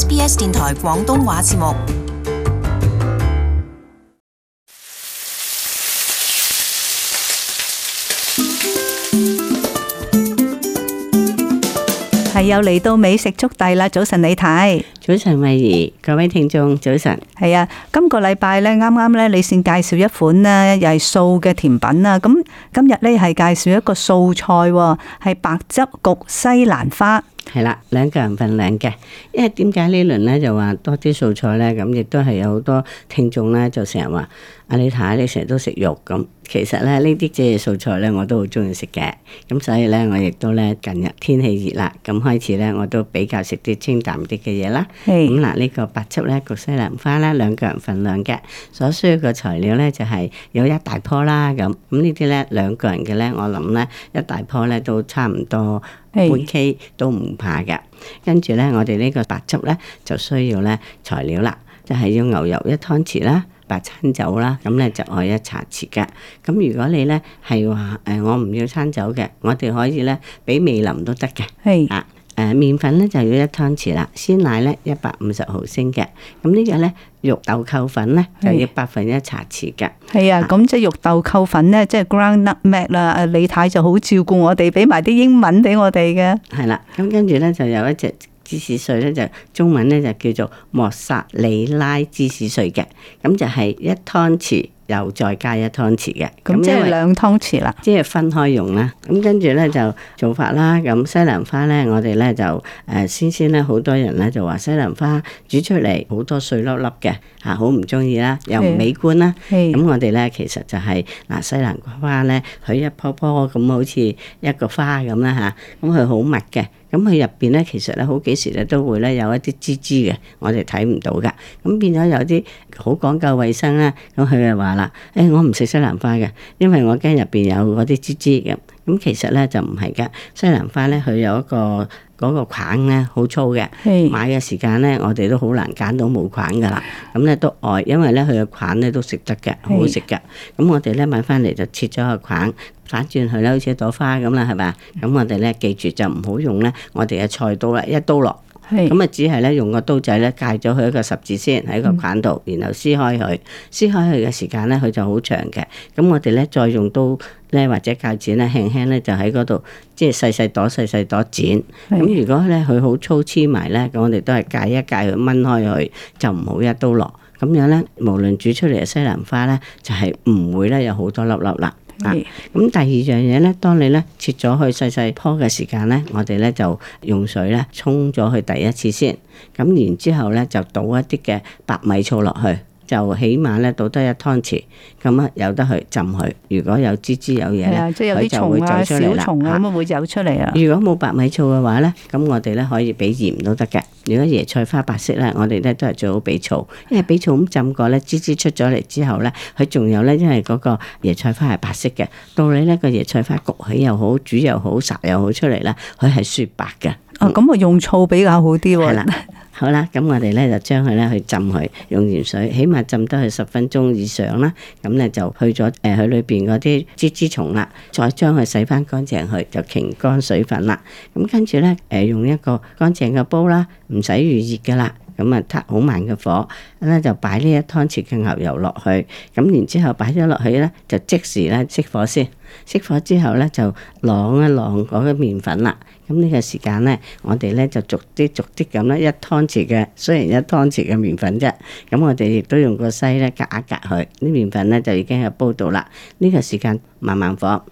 SBS 電台廣東話節目係又嚟到美食速遞啦！早晨，李太，早晨，慧怡，各位聽眾，早晨，係啊！今個禮拜咧，啱啱咧，你先介紹一款咧，又係素嘅甜品啊。咁今日咧係介紹一個素菜，係白汁焗西蘭花。係啦，兩個人份量嘅，因為點解呢輪咧就話多啲素菜咧，咁亦都係有好多聽眾咧就成日話阿李太你成日都食肉咁，其實咧呢啲即係素菜咧我都好中意食嘅，咁所以咧我亦都咧近日天氣熱啦，咁開始咧我都比較食啲清淡啲嘅嘢啦。咁嗱係，呢個白汁咧焗西蘭花咧兩個人份量嘅，所需要嘅材料咧就係、係、有一大棵啦咁，咁呢啲咧兩個人嘅咧我諗咧一大棵咧都差唔多。半 K 都唔怕嘅，跟住咧我哋呢個白粥咧就需要咧材料啦，就係要牛油一湯匙啦，白餐酒啦，咁咧就可以一茶匙嘅。咁如果你咧係話誒我唔要餐酒嘅，我哋可以咧俾味淋都得嘅。係啊。誒，麵粉咧就要一湯匙啦，鮮奶咧一百五十毫升嘅，咁呢隻咧肉豆蔻粉咧就要百分一茶匙嘅。係啊，咁即係肉豆蔻粉咧，即係 ground nutmeg 啦。阿李太太就好照顧我哋，俾埋啲英文俾我哋嘅。係啦，咁跟住咧就有一隻芝士碎咧，就中文咧就叫做莫薩里拉芝士碎嘅，咁就係一湯匙。又再加一湯匙嘅，咁、嗯、為即係兩湯匙啦。即係分開用啦。咁跟住咧就做法啦。咁西蘭花咧，我哋咧就誒、呃、先先咧，好多人咧就話西蘭花煮出嚟好多碎粒粒嘅，吓，好唔中意啦，又唔美觀啦。咁我哋咧其實就係、是、嗱、啊、西蘭花咧，佢一樖樖咁好似一個花咁啦吓，咁佢好密嘅。咁佢入邊咧，面其實好幾時咧都會有一啲黐黐嘅，我哋睇唔到㗎。咁變咗有啲好講究衞生啦。咁佢又話啦，誒，我唔食西蘭花嘅，因為我驚入面有嗰啲黐黐咁。咁其實咧就唔係㗎，西蘭花咧佢有一個嗰，那個梗咧好粗嘅。是買嘅時間咧我哋都好難揀到冇梗㗎啦。咁咧都愛，因為咧佢嘅梗咧都食得嘅，好好食嘅。咁是我哋咧買翻嚟就切咗個梗，反轉佢咧好似一朵花咁啦，係咪？咁我哋咧記住就唔好用咧，我哋嘅菜刀啦，一刀落。咁啊， 只係咧用個刀仔咧，界咗佢一個十字先喺個板度，然後撕開佢撕開佢嘅時間咧，佢就好長嘅。咁我哋咧再用刀咧或者鉸剪咧，輕輕咧就喺嗰度即係細細朵細細朵剪。咁如果咧佢好粗黐埋咧，咁我哋都係界一界佢，掹開佢就唔好一刀落咁樣咧。無論煮出嚟嘅西蘭花咧，就係唔會咧有好多粒粒啦。啊！咁第二樣嘢咧，當你咧切咗去細細棵嘅時間咧，我哋咧就用水咧沖咗佢第一次先，咁然之後咧就倒一啲嘅白米醋落去。就起碼咧倒得一湯匙，咁啊有得去浸佢。如果有黐黐有嘢咧，佢、啊、就會走出嚟啦。嚇，咁啊會走出嚟啊！如果冇白米醋嘅話咧，咁我哋咧可以俾鹽都得嘅。如果椰菜花白色咧，我哋咧都係最好俾醋，因為俾醋咁浸過咧，黐黐出咗嚟之後咧，佢仲有咧，因為嗰個椰菜花係白色嘅，到你咧個椰菜花焗起又好，煮又好，烚又好，好出嚟啦，佢係雪白嘅。啊、哦，咁啊用醋比較好啲喎。 好啦，咁我哋咧就將佢咧去浸佢，用鹽水，起碼浸得佢十分鐘以上啦。咁咧就去咗佢、呃、裏面嗰啲蜘蛛蟲啦，再將佢洗翻乾淨去，就瀝乾水分啦。咁跟住咧，呃，用一個乾淨嘅煲啦，唔使預熱㗎啦。咁啊，好慢嘅火咧，就擺呢一湯匙嘅牛油落去，咁然之後擺咗落去咧，就即時咧熄火先。熄火之後咧，就晾一晾嗰個麵粉啦。咁呢個時間咧，我哋咧就逐啲逐啲咁咧，一湯匙嘅雖然一湯匙嘅麵粉啫，咁我哋亦都用個篩咧隔一隔佢啲麵粉咧，就已經喺煲度啦。呢個時間慢慢火。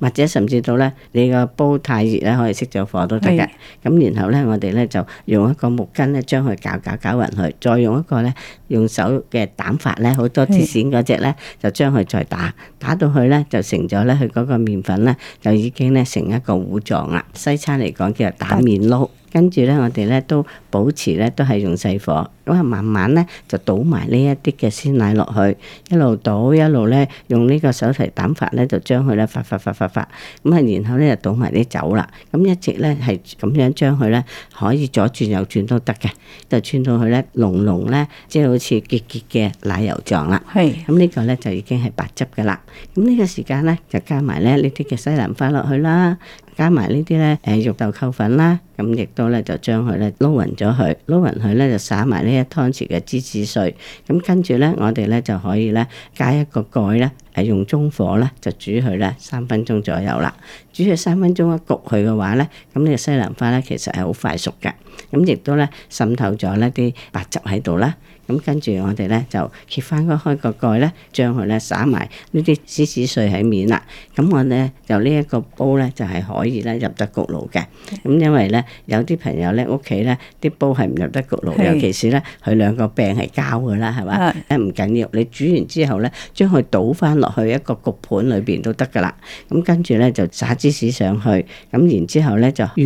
或者甚至到咧，你個煲太熱咧，可以熄咗火都得嘅。咁是然後咧，我哋咧就用一個木棍咧，將佢攪拌攪攪勻佢，再用一個咧用手嘅蛋法咧，好多鐵線嗰隻咧，是就將佢再打打到佢咧，就成咗咧，佢嗰個麵粉咧就已經咧成一個糊狀啦。西餐嚟講叫做蛋麵撈，是跟住咧我哋咧都保持咧都係用細火。咁啊，慢慢咧就倒埋呢一啲嘅鮮奶落去，一路倒，一路咧用呢個手提蛋法咧，就將佢咧發發發發發，咁啊，然後咧就倒埋啲酒啦，咁一直咧係咁樣將佢咧可以左轉右轉都得嘅，就轉到佢咧濃濃咧，即係、就是、好似結結嘅奶油狀啦。係嘿。咁呢個咧就已經係白汁嘅啦。咁、這、呢個時間咧就加埋咧呢啲嘅西蘭花落去啦，加埋呢啲咧誒肉豆蔻粉啦，咁亦都咧就將佢咧撈匀咗佢，撈匀佢咧就灑埋呢。一湯匙嘅芝士碎，咁跟住咧，我哋咧就可以咧加一個蓋咧。誒用中火咧就煮佢咧三分鐘左右啦，煮佢三分鐘一焗佢嘅話咧，咁呢個西蘭花咧其實係好快熟嘅，咁亦都咧滲透咗呢啲白汁喺度啦，咁跟住我哋咧就揭翻個開個蓋咧，將佢咧灑埋呢啲芝士碎喺面啦，咁我咧就呢一個煲咧就係可以咧入得焗爐嘅，咁因為咧有啲朋友咧屋企咧啲煲係唔入得焗爐，是尤其是咧佢兩個柄係膠嘅啦，係嘛？誒唔是緊要，你煮完之後咧將佢倒翻。落去一個焗盤裏邊都得噶啦，咁跟住咧就撒芝士上去，咁然之後咧就預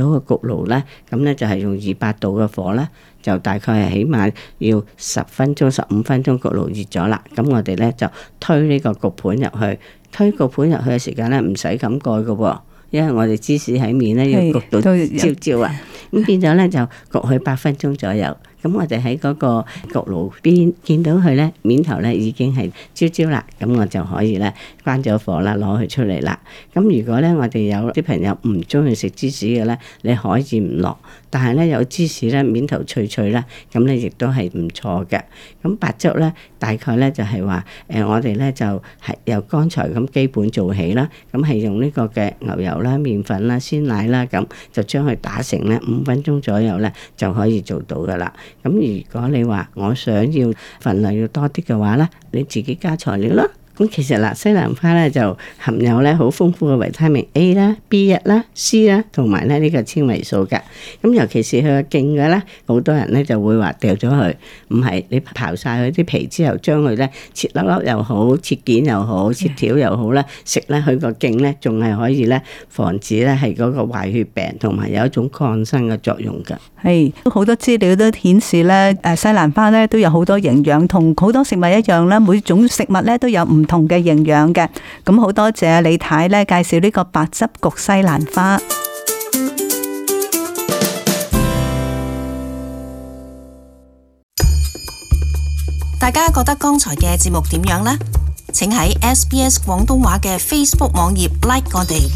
熱咗個焗爐咧，咁咧就係、是、用二百度嘅火咧，就大概係起碼要十分鐘、十五分鐘，焗爐熱咗啦，咁我哋咧就推呢個焗盤入去，推焗盤入去嘅時間咧唔使咁蓋嘅，因為我哋芝士喺面咧是要焗到焦焦啊，咁變咗咧就焗佢八分鐘左右。咁我哋喺嗰個焗爐邊見到佢咧面頭咧已經係焦焦啦，咁我就可以咧關咗火啦，攞佢出嚟啦。咁如果咧我哋有啲朋友唔中意食芝士嘅咧，你可以唔落。但係咧有芝士咧面頭脆脆啦，咁咧亦都係唔錯嘅。咁白粥咧大概咧就係話誒，我哋咧就係由剛才咁基本做起啦，咁係用呢個嘅牛油啦、麵粉啦、鮮奶啦，咁就將佢打成咧五分鐘左右咧就可以做到㗎喇。咁如果你話我想要份量要多啲嘅話咧，你自己加材料啦。咁其實嗱，西蘭花咧就含有咧好豐富嘅維他命 A 啦、B 一啦、C 啦，同埋咧呢個纖維素㗎。咁尤其是佢個莖嘅咧，好多人咧就會話掉咗佢。唔係你刨晒佢啲皮之後，將佢咧切粒粒又好、切件又好、切條又好啦。食咧佢個莖咧，仲係可以咧防止咧係嗰個壞血病，同埋有一種抗生嘅作用㗎。係都好多資料都顯示咧，誒西蘭花咧都有好多營養，同好多食物一樣啦。每種食物咧都有唔唔同嘅營養嘅，咁好多謝李太呢，介紹呢個白汁焗西蘭花。大家覺得剛才嘅節目點樣呢？請喺 SBS 廣東話嘅 Facebook 網頁 like 我哋。